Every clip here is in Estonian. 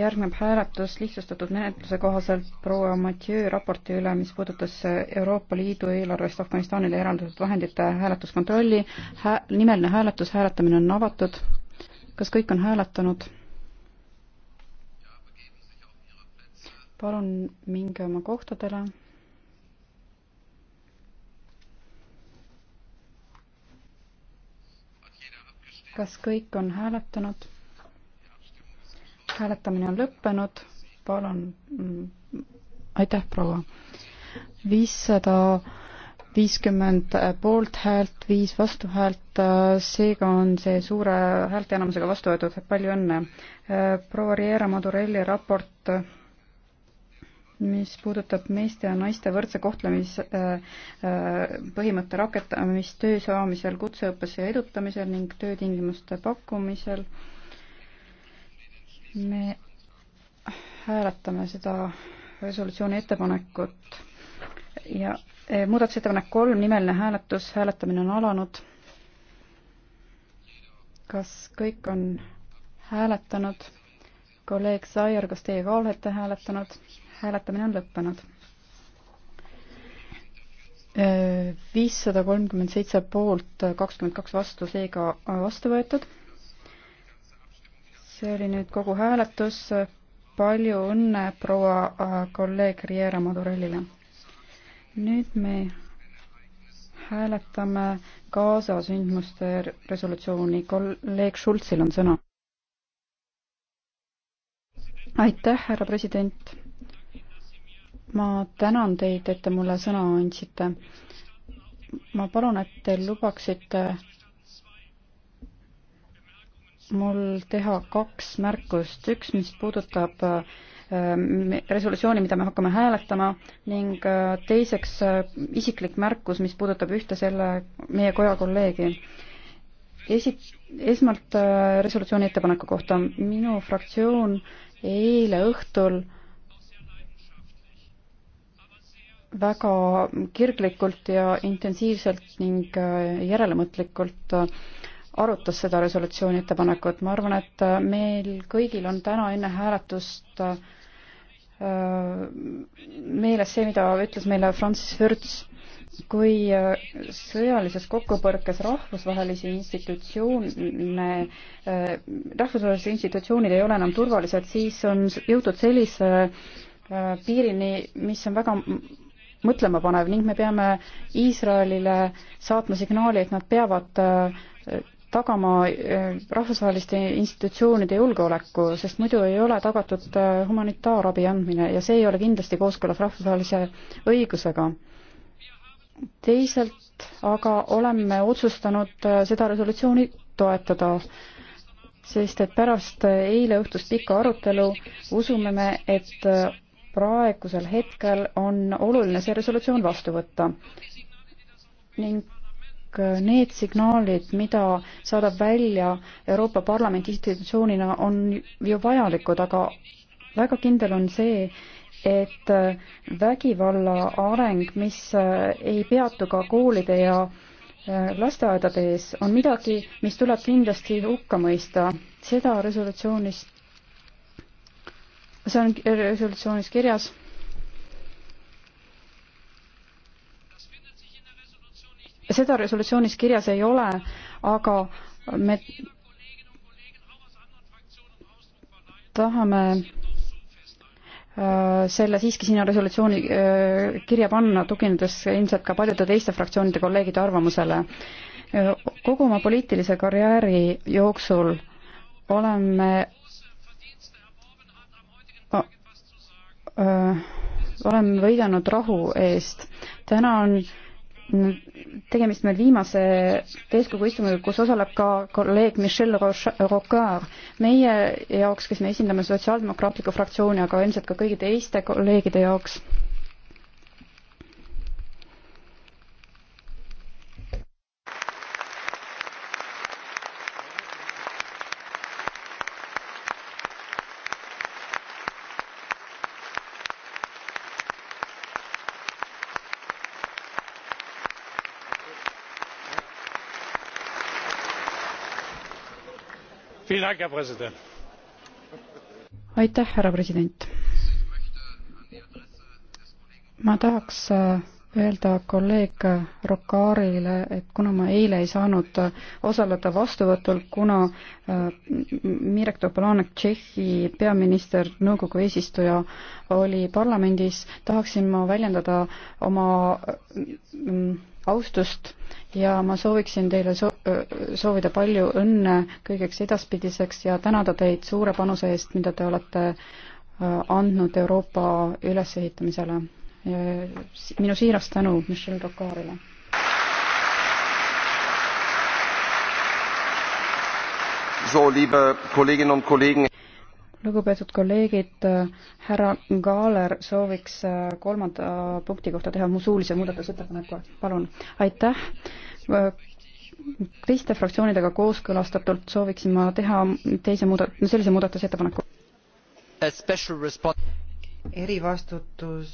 järgneb hääletus lihtsustatud menetluse kohaselt proua Mathieu raporti üle, mis puudutas Euroopa Liidu eelarvest Afganistanile eraldatud vahendite hääletuskontrolli Hä. nimeline hääletus, hääletamine on avatud. kas kõik on hääletanud? palun minge oma kohtadele. kas kõik on hääletanud? hääletamine on lõppenud, palun, mm, aitäh, proua. viissada viiskümmend poolthäält, viis vastuhäält, seega on see suure häälteenamusega vastu võetud, palju õnne. proua Riera Madurelli raport mis puudutab meeste ja naiste võrdse kohtlemise põhimõtte rakendamist töö saamisel, kutseõppes ja edutamisel ning töötingimuste pakkumisel me hääletame seda resolutsiooni ettepanekut ja e, muudatusettepanek kolm, nimeline hääletus, hääletamine on alanud. kas kõik on hääletanud? kolleeg Saier, kas teie ka olete hääletanud? hääletamine on lõppenud. E, viissada kolmkümmend seitse poolt, kakskümmend kaks vastu, seega vastu võetud see oli nüüd kogu hääletus. palju õnne proua äh, kolleeg Riera Madurellile. nüüd me hääletame Gaza sündmuste resolutsiooni. kolleeg Schultzil on sõna. aitäh, härra president. ma tänan teid, et te mulle sõna andsite. ma palun, et te lubaksite mul teha kaks märkust, üks, mis puudutab äh, resolutsiooni, mida me hakkame hääletama ning äh, teiseks äh, isiklik märkus, mis puudutab ühte selle meie koja kolleegi. esi-, esmalt resolutsiooni ettepaneku kohta, minu fraktsioon eile õhtul väga kirglikult ja intensiivselt ning järelemõtlikult äh, arutas seda resolutsiooni ettepanekut. ma arvan, et äh, meil kõigil on täna enne hääletust äh, meeles see, mida ütles meile Francis Hertz, kui äh, sõjalises kokkupõrkes rahvusvahelisi institutsioone, rahvusvahelised institutsioonid ei ole enam turvalised, siis on jõutud sellise piirini, mis on väga mõtlemapanev ning me peame Iisraelile saatma signaali, et nad peavad tagama eh, rahvusvaheliste institutsioonide julgeoleku, sest muidu ei ole tagatud eh, humanitaarabi andmine ja see ei ole kindlasti kooskõlas rahvusvahelise õigusega. teisalt aga oleme otsustanud eh, seda resolutsiooni toetada, sest et pärast eile õhtust pikka arutelu usume me, et praegusel hetkel on oluline see resolutsioon vastu võtta. ning kõik need signaalid, mida saadab välja Euroopa Parlamendi institutsioonina, on ju vajalikud, aga väga kindel on see, et vägivalla areng, mis ei peatu ka koolide ja äh, lasteaedade ees, on midagi, mis tuleb kindlasti hukka mõista. seda resolutsioonis, see on resolutsioonis kirjas seda resolutsioonis kirjas ei ole, aga me tahame äh, selle siiski sinna resolutsiooni äh, kirja panna, tuginedes ilmselt ka paljude teiste fraktsioonide kolleegide arvamusele. Äh, kogu oma poliitilise karjääri jooksul oleme olen võidelnud rahu eest. täna on tegemist meil viimase täiskogu istungiga, kus osaleb ka kolleeg Michel Rocard. meie jaoks, kes me esindame Sotsiaaldemokraatlikku fraktsiooni, aga ilmselt ka kõigi teiste kolleegide jaoks aitäh, härra president. ma tahaks äh, öelda kolleeg Rocaarile, et kuna ma eile ei saanud osaleda vastuvõtul, kuna äh, Mirek Topolanek, Tšehhi peaminister, nõukogu eesistuja, oli parlamendis, tahaksin ma väljendada oma äh, austust ja ma sooviksin teile so soovida palju õnne kõigeks edaspidiseks ja tänada teid suure panuse eest, mida te olete andnud Euroopa ülesehitamisele. minu siiras tänu Michel Rocardile. So, liebe Kolleginnen und Kollegen lugupeetud kolleegid, äh, härra Kaaler sooviks äh, kolmanda punkti kohta teha mu suulise muudatusettepaneku, palun. aitäh. Äh, teiste fraktsioonidega kooskõlastatult sooviksin ma teha teise muuda-, sellise muudatusettepaneku. erivastutus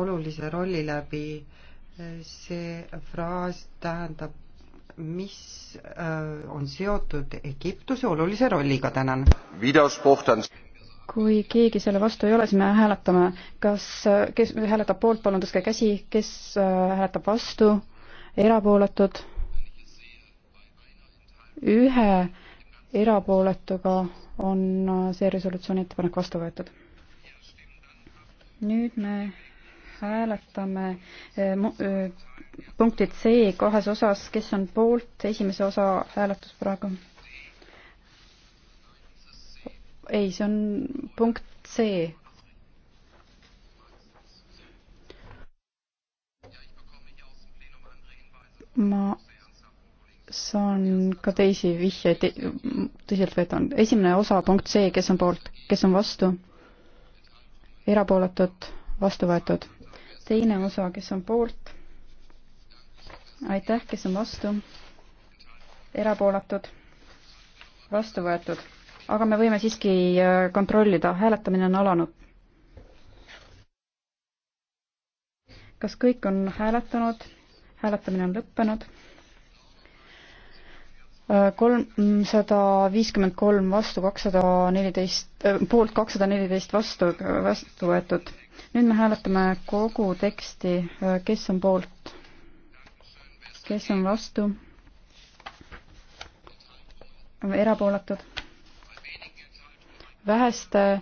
olulise rolli läbi, see fraas tähendab mis äh, on seotud Egiptuse olulise rolliga, tänan. kui keegi selle vastu ei ole, siis me hääletame, kas, kes hääletab poolt, palun tõstke käsi, kes äh, hääletab vastu, erapooletud? ühe erapooletuga on äh, see resolutsiooni ettepanek vastu võetud. nüüd me hääletame eh, eh, punkti C kahes osas, kes on poolt, esimese osa hääletus praegu. ei, see on punkt C. ma saan ka teisi vihjeid tõsiseltvõetavalt. esimene osa, punkt C, kes on poolt, kes on vastu? erapooletud, vastu võetud teine osa, kes on poolt? aitäh, kes on vastu? erapooletud? vastu võetud, aga me võime siiski äh, kontrollida, hääletamine on alanud. kas kõik on hääletanud? hääletamine on lõppenud. Äh, kolmsada viiskümmend kolm vastu, kakssada neliteist, äh, poolt kakssada neliteist vastu, vastu võetud nüüd me hääletame kogu teksti, äh, kes on poolt, kes on vastu, erapooletud, väheste äh,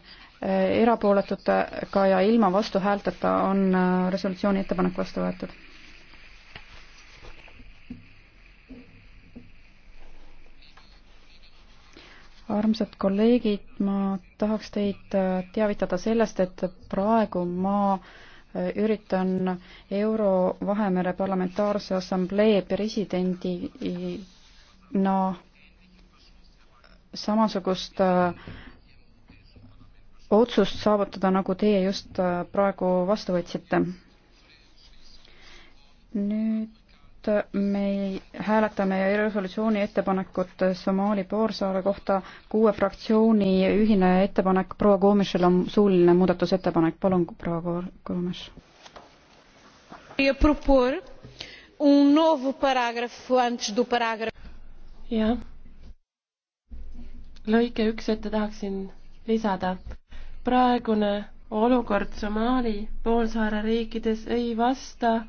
erapooletutega ja ilma vastuhäälteta on äh, resolutsiooni ettepanek vastu võetud armsad kolleegid, ma tahaks teid äh, teavitada sellest, et praegu ma äh, üritan Euro Vahemere Parlamentaarse Assamblee presidendina samasugust äh, otsust saavutada, nagu teie just praegu vastu võtsite. nüüd nüüd me hääletame resolutsiooni ettepanekut Somaali poolsaare kohta. kuue fraktsiooni ühine ettepanek, proua Koomišil on suuline muudatusettepanek, palun, proua Koomiš. Um jah, lõike üks ette tahaksin lisada. praegune olukord Somaali poolsaare riikides ei vasta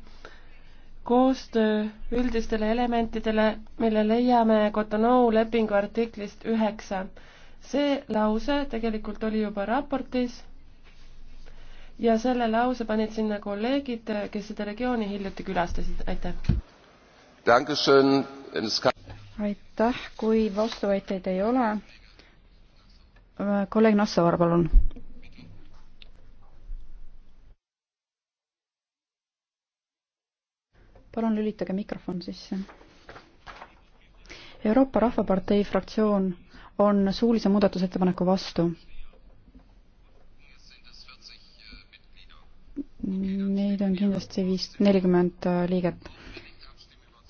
koostöö üldistele elementidele, mille leiame Cotonou lepingu artiklist üheksa. see lause tegelikult oli juba raportis ja selle lause panid sinna kolleegid, kes seda regiooni hiljuti külastasid, aitäh. aitäh, kui vastuväiteid ei ole. kolleeg Nassaar, palun palun lülitage mikrofon sisse. Euroopa Rahvapartei fraktsioon on suulise muudatusettepaneku vastu. Neid on kindlasti viis, nelikümmend liiget.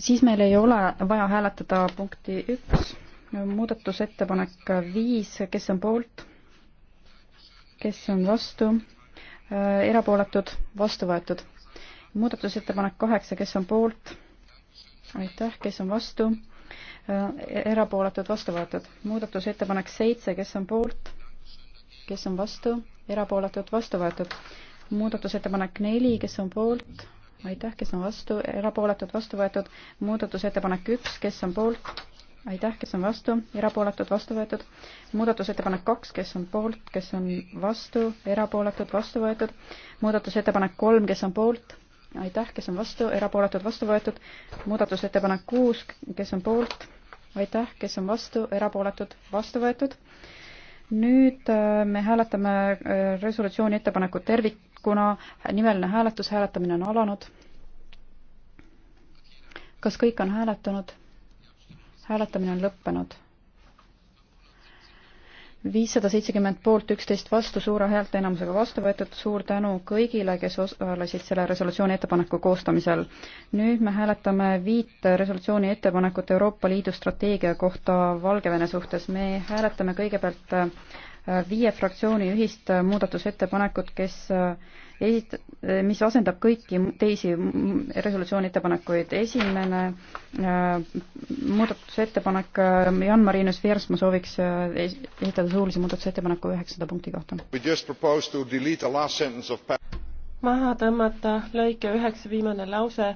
siis meil ei ole vaja hääletada punkti üks, muudatusettepanek viis, kes on poolt, kes on vastu, erapooletud, vastu võetud muudatusettepanek kaheksa, kes on poolt? aitäh, kes on vastu? Äh, erapooletud, vastu võetud. muudatusettepanek seitse, kes on poolt? kes on vastu? erapooletud, vastu võetud. muudatusettepanek neli, kes on poolt? aitäh, kes on vastu? erapooletud, vastu võetud. muudatusettepanek üks, kes on poolt? aitäh, kes on vastu, erapooletud, vastu võetud. muudatusettepanek kaks, kes on poolt, kes on vastu, erapooletud, vastu võetud. muudatusettepanek kolm, kes on poolt, aitäh, kes on vastu, erapooletud, vastu võetud. muudatusettepanek kuus, kes on poolt, aitäh, kes on vastu, erapooletud, vastu võetud. nüüd äh, me hääletame äh, resolutsiooni ettepanekut tervikuna. nimeline hääletus, hääletamine on alanud. kas kõik on hääletanud? hääletamine on lõppenud viissada seitsekümmend poolt, üksteist vastu, suure häälteenamusega vastu võetud, suur tänu kõigile, kes osalesid selle resolutsiooni ettepaneku koostamisel. nüüd me hääletame viit resolutsiooni ettepanekut Euroopa Liidu strateegia kohta Valgevene suhtes. me hääletame kõigepealt äh, viie fraktsiooni ühist äh, muudatusettepanekut, kes äh, esit-, mis asendab kõiki teisi resolutsiooni ettepanekuid. esimene äh, muudatusettepanek, äh, Jan Marinus Viers, ma sooviks äh, esitada suulise muudatusettepaneku üheksanda punkti kohta. maha tõmmata lõike üheksa viimane lause,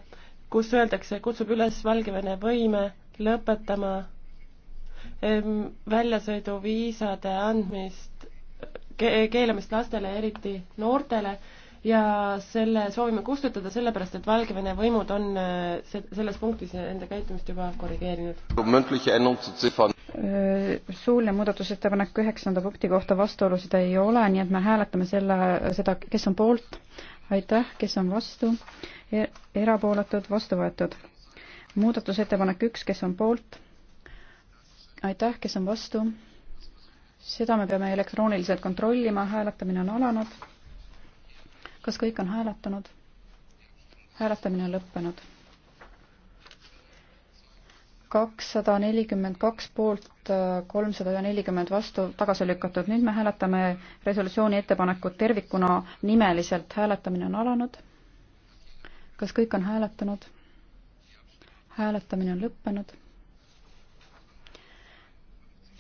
kus öeldakse, kutsub üles Valgevene võime lõpetama ehm, väljasõiduviisade andmist, keelamist lastele, eriti noortele ja selle soovime kustutada sellepärast, et Valgevene võimud on äh, selles punktis enda käitumist juba korrigeerinud. Äh, suuline muudatusettepanek üheksanda punkti kohta vastuolusid ei ole, nii et me hääletame selle, seda, kes on poolt, aitäh, kes on vastu e, erapooletud, vastu võetud. muudatusettepanek üks, kes on poolt, aitäh, kes on vastu, seda me peame elektrooniliselt kontrollima, hääletamine on alanud kas kõik on hääletanud? hääletamine on lõppenud. kakssada nelikümmend kaks poolt, kolmsada nelikümmend vastu, tagasi lükatud. nüüd me hääletame resolutsiooni ettepanekut tervikuna nimeliselt. hääletamine on alanud. kas kõik on hääletanud? hääletamine on lõppenud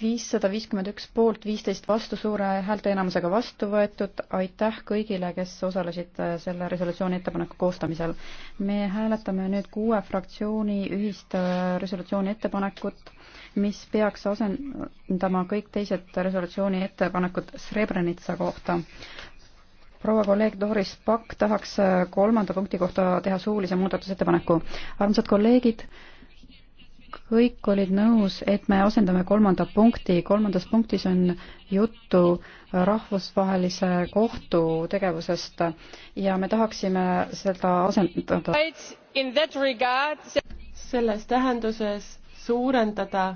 viissada viiskümmend üks poolt, viisteist vastu, suure häälteenamusega vastu võetud. aitäh kõigile, kes osalesid äh, selle resolutsiooni ettepaneku koostamisel. me hääletame nüüd kuue fraktsiooni ühist äh, resolutsiooni ettepanekut, mis peaks asendama kõik teised resolutsiooni ettepanekud Srebrenica kohta. proua kolleeg Doris Pakk tahaks äh, kolmanda punkti kohta teha suulise muudatusettepaneku. armsad kolleegid kõik olid nõus, et me asendame kolmanda punkti, kolmandas punktis on juttu rahvusvahelise kohtu tegevusest ja me tahaksime seda asendada. selles tähenduses suurendada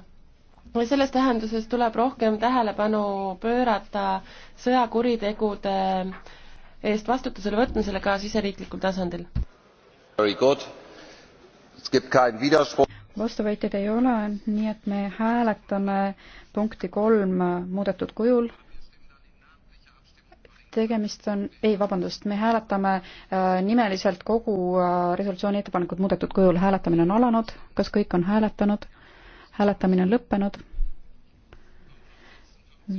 või selles tähenduses tuleb rohkem tähelepanu pöörata sõjakuritegude eest vastutusele võtmisele ka siseriiklikul tasandil vastuväiteid ei ole, nii et me hääletame punkti kolm muudetud kujul. tegemist on, ei, vabandust, me hääletame äh, nimeliselt kogu äh, resolutsiooni ettepanekut muudetud kujul, hääletamine on alanud, kas kõik on hääletanud? hääletamine on lõppenud.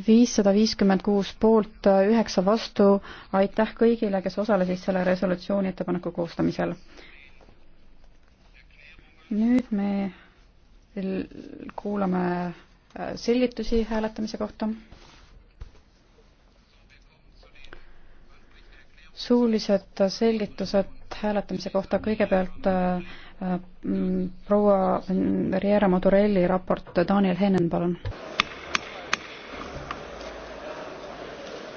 viissada viiskümmend kuus poolt, äh, üheksa vastu, aitäh kõigile, kes osalesid selle resolutsiooni ettepaneku koostamisel nüüd me kuulame äh, selgitusi hääletamise kohta. suulised selgitused hääletamise kohta kõigepealt äh, äh, proua Riera Madurelli raport, Daniel Hennen, palun.